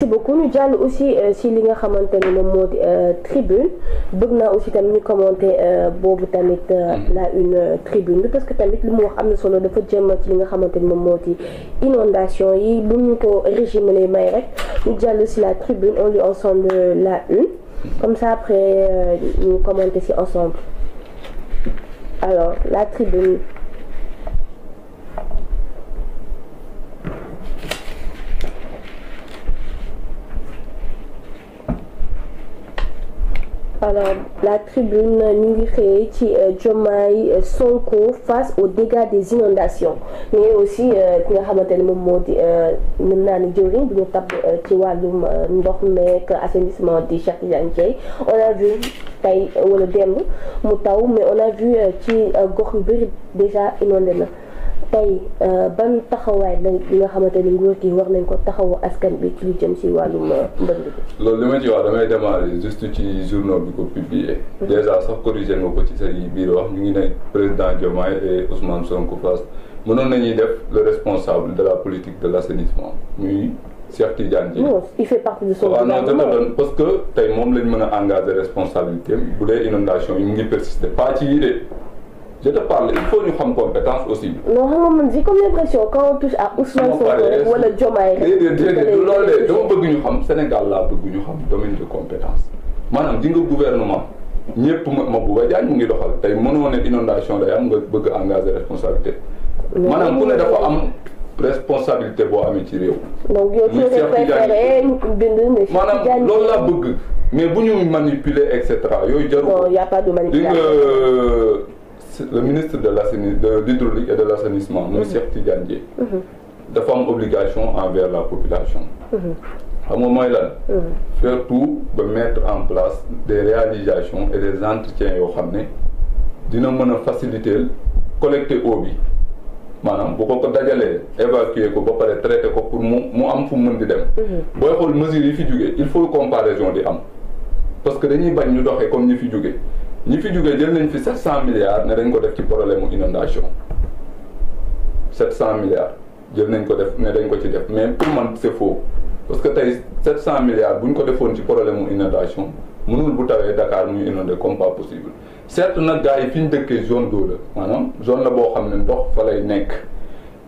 merci beaucoup nous allons aussi euh, si li nga xamante ni moom euh, tribune bëgg nous aussi tamit ñu commenter vous euh, tamit mm-hmm. la une tribune parce que tamit le mu wax am le solo dafa jëm ci li nga xamante ni inondation yi bu ñu régime les may rek ñu aussi la tribune on lit ensemble la une mm-hmm. comme ça après ñu commenter si ensemble alors la tribune alors la tribune ñu ngi xëyee ci Diomaye Sonko face aux dégâts des inondations mais aussi euh, ki nga xamante ne moom moo di euh, mën naa ni jëwriñ bu ñu tabb euh, ci wàllum ndox meek assainissement des Cheikh Tidiane on a vu tey wala démb mu taw mais on a vu ci gox yu déjà inondé na tey euh, ban taxawaay la nga xamante ni nguur gi war nañ ko taxawu askan bi ci lu jëm si wàllum euh, mbënd bi. loolu li ma ci wax damay démarrer juste ci journal bi ko publier. Mm-hmm. déjà sax corrigé nga ko ci sa biir wax ñu ngi ne président Diomaye et Ousmane Sonko face mënoon nañuy def le responsable de la politique de l' assainissement muy Cheikh Tidiane Dièye. il fait partie de son ah parce que tey moom lañ mën a engagé responsabilité bu dee inondation yi mu ngi persister pas ci yii de. je te parle il faut ñu xam compétence aussi. non xam nga man j'ai comme l'impression quand on touche à Ousmane Sonko rek wala Diomaye rek. déedéet non, du loolu de dama bëgg ñu xam Sénégal laa bëgg ñu xam domaine de compétence maanaam di nga gouvernement. Ñepp ma ma bu ba mu ngi doxal tay mënoo ne inondation day am nga bëgg engager responsabilité. manam ku ne dafa am responsabilité boo amee ci réew. donc yow tu es loolu laa bëgg mais bu ñu manipuler et cetera yooyu jarul. non y a pas de manipulation le ministre de l'hydraulique et de l'assainissement, Monsieur mhm. Cheikh Tidiane Dièye mhm. de am obligation envers la population mhm. xam nga mooy lan faire tout ba mettre en place des réalisations et des entretiens yoo xam ne dina faciliter collecter eau bi maanaam bu ko ko évacuer ko ba pare traiter ko pour moi mu am fu mën di dem booy xool mesures yi fi jógee il faut comparaison di am parce que dañuy bañ ñu doxee comme ñu fi jógee ñi fi jógee jël nañ fi 700 milliards ne dañ ko def ci problème mu inondation 700 milliards jël nañ ko def mais dañ ko ci def mais pour man se faux parce que tey 700 milliards bu ñu ko defoon ci problème mu inondation mënul bu tawee Dakar muy inondé comme pas possible certes nag gars yi fi ñu dëkkee zone d'eau la maanaam zone la boo xam ne ndox fa lay nekk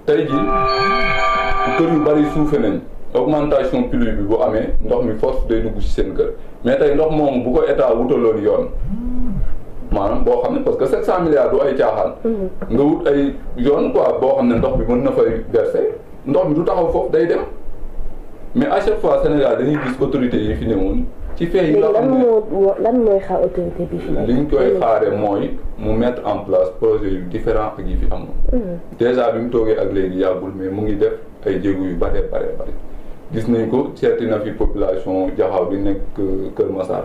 tey ji kër yu bari suufe nañ augmentation pluie bi bu amee ndox mi force day dugg ci seen kër mais tey ndox moom bu ko état wutaloon yoon maanaam boo xam ne parce que 700 milliards du ay caaxaan. Mhm. nga ay yoon quoi boo xam ne ndox bi mën na fay verser ndox mi du taxaw foofu day dem mais à chaque fois Sénégal dañuy gis autorités yi fi newoon. ci fee yi nga xam ne lan mooy xaar autorité bi fi li ñu koy mhm. xaare mooy mu mettre en place projet yu différent ak yi fi amoon. Mhm. déjà li mu toogee ak léegi yàggul mais mu ngi def ay jéego yu bare bare bare gis nañ ko seeti na fi population jaxaw bi nekk euh, Kër Massar.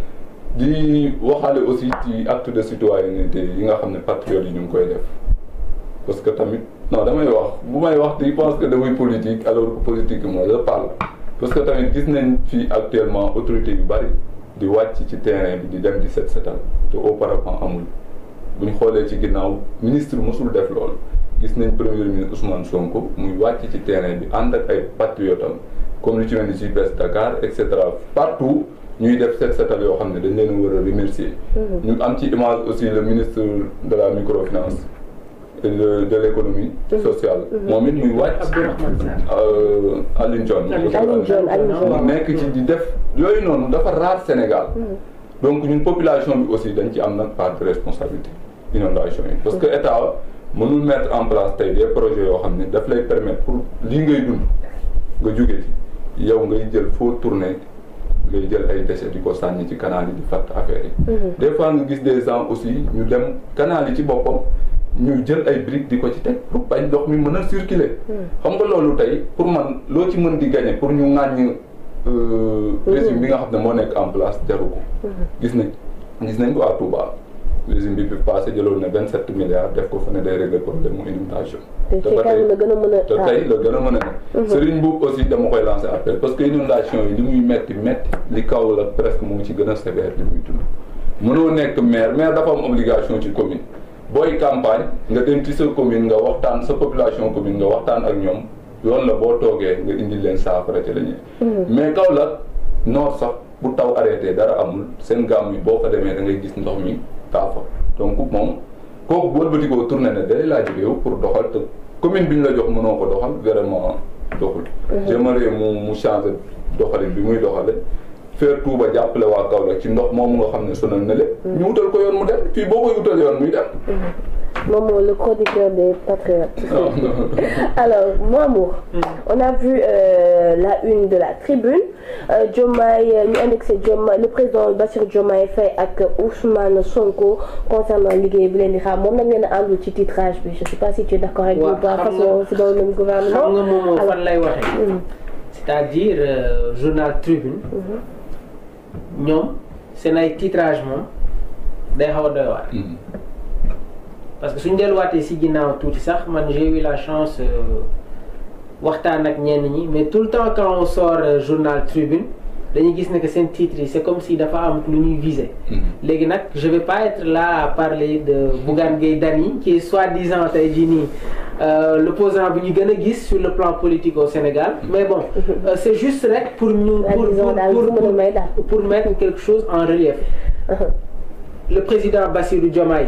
di waxaale aussi ci acte de citoyenneté yi nga xam ne patriotes yi ñu ngi koy def parce que tamit non damay wax bu may wax di pense que damay politique alors que politique moi je parle parce que tamit gis nañ fii actuellement autorité yu bari di wàcc ci terrain bi di dem di set setal te auparavant amul bu ñu xoolee ci ginnaaw ministre mosul def lool gis nañ premier ministre Ousmane Sonko muy wàcc ci terrain bi ànd ak ay patriotam comme lu ci mel ni ci Best Dakar cetera Nous def set cette yoo xam remercier Nous mhm. am aussi le ministre de la microfinance et de, l'économie mhm. sociale mhm. moom it muy wàcc euh, Alioune mais nekk ci di def yooyu noonu dafa Sénégal donc une population aussi dañ ci am part de responsabilité inondation parce que l'État, mënul mettre en place des projets yoo xam daf permettre pour lii ngay dund nga jóge yow ngay jël tourner ngay jël ay déchets di ko sànni ci canal yi di fàtt affaire yi. Mhm. des fois nga gis des gens aussi ñu dem canal yi ci boppam ñu jël ay briques di ko ci teg pour ndox mi mën a circuler. Mhm. xam nga loolu tey pour man loo ci mën di gagné pour ñu ŋàññ. Euh, mhm. régime bi nga xam ne moo nekk en place jaru ko. gis nañ gis nañ ko à Touba. régime bi bi passé jëloon na vingt sept milliards def ko fa ne day régler problème mu inondation te ba tey la gën a mën a te tey la gën a mën a ne mhm. Serigne Mboup aussi dama koy lancer appel parce que inondation yi li muy metti metti li kaw la presque mu ci gën a sévère li muy dund mënoo nekk maire maire dafa am obligation ci commune booy campagne nga dem ci sa commune nga waxtaan sa population commune nga waxtaan ak ñoom yoon la boo toogee nga indi leen saafara ci la mhm. mais kaw la noor sax bu taw arrêté dara amul seen gàmm yi boo ko demee da ngay gis ndox mi taa fa donc moom kooku bu wëlbatikoo tourné ne day laaj réew pour doxal te commune bi ñu la jox mënoo ko doxal vraiment doxul. Mhm. j'aimerais mu mu change doxalin bi muy doxale faire Touba jàppale waa Kaolack ci ndox moomu nga xam ne sonal na lépp. Mhm. ñu wutal ko yoon mu dem fii boo koy wutal yoon muy dem. Mhm. Momo, le chroniqueur des patriotes. Oh, Alors, Momo, mm. on a vu euh, la une de la tribune. Euh, Jomai, euh, le président Bassir Diomaye fait avec Ousmane Sonko concernant l'Igué Blenira. Moi, je a un petit titrage, mais je ne sais pas si tu es d'accord avec moi pas, parce que c'est dans le même gouvernement. Mm. C'est-à-dire, euh, journal tribune, mm-hmm. mm -hmm. c'est un titrage, mais c'est parce que suñ delluwaatee si ginnaaw tout tout ça, j'ai eu la chance de euh, ak des mais tout le temps quand on sort euh, journal Tribune que titre c'est comme si dafa am un je viser. Mm-hmm. je vais pas être là à parler de Bougane qui est soi-disant euh, l'opposant sur le plan politique au Sénégal. Mm-hmm. mais bon mm-hmm. c'est juste pour nous pour mettre quelque chose en relief. Uh-huh. le président Bassirou Diomaye.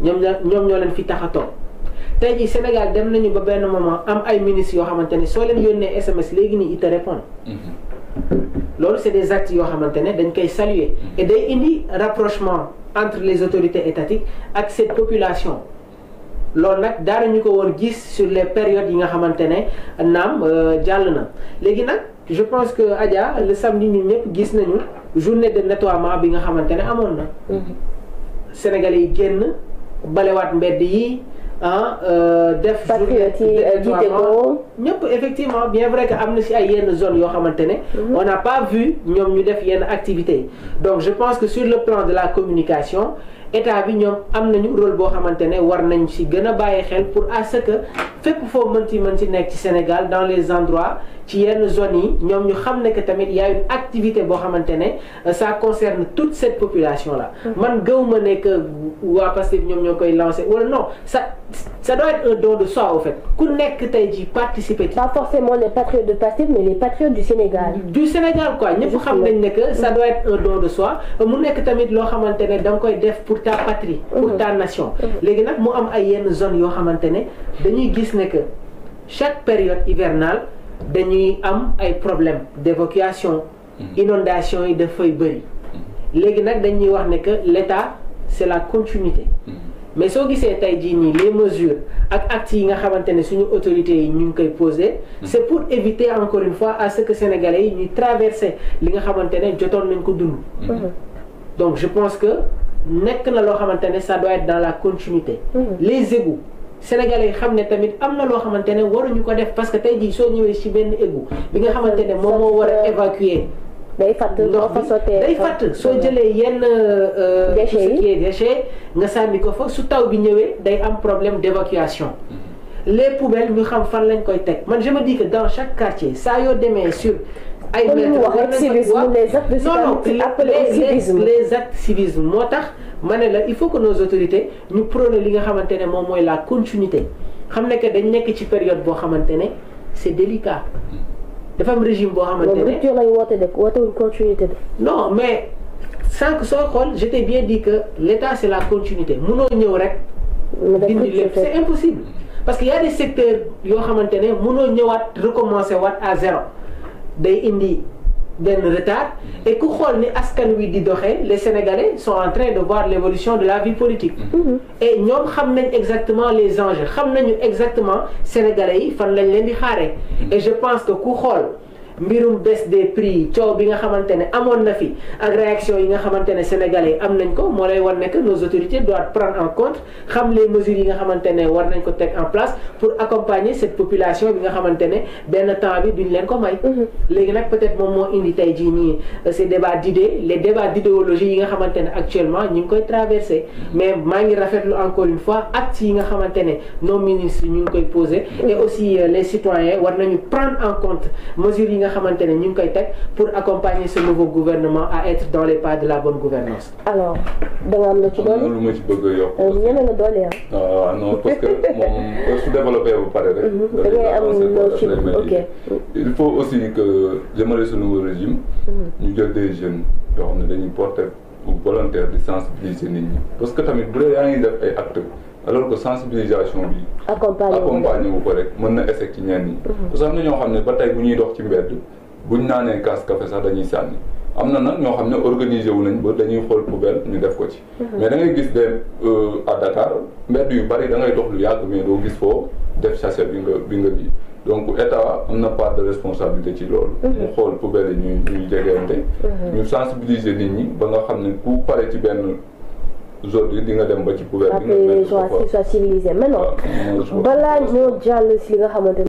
ñom ñoom ñoo leen fi tax a toog tey jii Sénégal dem nañu ba benn moment am ay ministres yoo xamante ne soo leen yónnee SMS léegi nii il te répond mm-hmm. loolu c'est des actes yoo xamante ne dañ koy saluer mm-hmm. et day indi rapprochement entre les autorités étatiques ak cette population loolu nag daara ñu ko woon gis sur les périodes yi nga xamante ne naam euh, jàll na léegi nag je pense que Adja le samedi ñun ñëpp gis nañu journée de nettoiement bi nga xamante ne amoon na mm-hmm. Sénégalais yi génn balewat mbedd yi ah, euh def. effectivement bien vrai que amna ci ay yenn zone yo xamantene mhm. on n'a pas vu ñom ñu def yenn activités donc je pense que sur le plan de la communication état bi ñom am rôle bo xamantene war nañ ci gëna xel pour à ce que fépp fo mën ci mën ci nekk ci Sénégal dans les endroits ci yenn zone, yi ñoom ñu xam ne que tamit y a une activité boo xamante euh, ça concerne toute cette population là. Mm-hmm. man gëw ma ne que waa Pastef ñoom ñoo koy lancé wala non ça ça doit être un don de soi au fait ku nekk tey ji participer pas forcément les patriotes de Pastef mais les patriotes du Sénégal. du Sénégal quoi ñëpp xam nañ ne que ça mm-hmm. doit être un don de soi mu nekk tamit loo xamante ne da nga koy def pour ta patrie. pour mm-hmm. ta nation. léegi nag mu am ay yenn zone yoo xamante ne dañuy gis ne que chaque période hivernale dañuy am ay problème d'évacuation mm-hmm. inondation et de bëri mm-hmm. léegi nag dañuy wax ne que l'État c'est la continuité mm-hmm. mais ce gisee tey jii les mesures ak actes yi nga xamante ne suñu autorités ñu koy c'est pour éviter encore une fois à ce que sénégalais traversent les traverser li nga xamante ne jotoon nañ ko dund donc je pense que nekk na loo xamante ça doit être dans la continuité les égouts sénégalais xamné tamit amna lo xamantene waruñu ko def parce que tay jii so ñëwé ci ben égout bi nga xamantene ne moom moo évacuer day fat do fa soté day fat so jëlé yenn euh, euh, déchets yi déchets nga sànni ko fa su taw bi ñëwé day am problème d'évacuation mhm. les poubelles ñu xam fan lañ koy teg man je me dis que dans chaque quartier saa yo démé sur ay non non les actes civisme moo tax ma il faut que nos autorités nous prennent li nga à maintenir mon la continuité xamne ne que dañ nek ci période bo xamantene c'est délicat dafa am régime bo xamante non mais sans que xool je j'étais bien dit que l'état c'est la continuité munoo ñëw rek c'est impossible parce qu'il y a des secteurs yo xamantene ne munoo ñëwaat recommencer wat à zéro day indi retard mm-hmm. et ku xol ni askan wi di doxé les sénégalais sont en train de voir l'évolution de la vie politique mm-hmm. Mm-hmm. et ñom xam exactement les enjeux xam nañu exactement sénégalais yi fan lañ leen di et je pense que ku xol mbirum baisse des prix coow bi nga xamantene ne na fi ak réaction yi nga xamantene sénégalais am nañ ko moo lay wan nos autorités doivent prendre en compte xam les mesures yi nga xamantene war nañ ko tek en place pour accompagner cette population bi nga xamantene ne benn temps bi duñ leen ko may. Mhm. légui nak peut-être mom mo indi tay ji ni euh, ces débats d'idées les débats d'idéologie yi nga xamantene actuellement ñing koy traverser mais ma ngi rafetlu encore une fois acte yi nga xamantene nos ministres ñu koy poser et aussi euh, les citoyens war nañu prendre en compte mesures pour accompagner ce nouveau gouvernement à être dans les pas de la bonne gouvernance alors non parce que il faut aussi que j'aimerais ce nouveau régime Nous mhm. devons des jeunes porter volontaire parce que tu as mis alors que sensibilisation bi. accompagner accompagner wu ko rek mën na échec ci ñenn ñi. Mhm. parce que am na ñoo xam ne ba tey bu ñuy dox ci mbedd buñ naanee kaas café sax dañuy sànni am na na ñoo xam ne organiser wu nañ ba dañuy xool poubelle ñu def ko ci. Mhm. mais da ngay gis de euh, à Dakar mbedd yu bari da ngay dox lu yàgg mais doo gis foo def sachet bi nga bi nga ji donc état am na part de responsabilité ci loolu. Mhm. mu xool poubelle yi ñu ñuy jegeente. ñu sensibiliser nit ñi ba ci benn. aujourd'hui di nga dem ba ci couvert bi nga. civilisé mais non balaa ñoo jàll si li nga xamante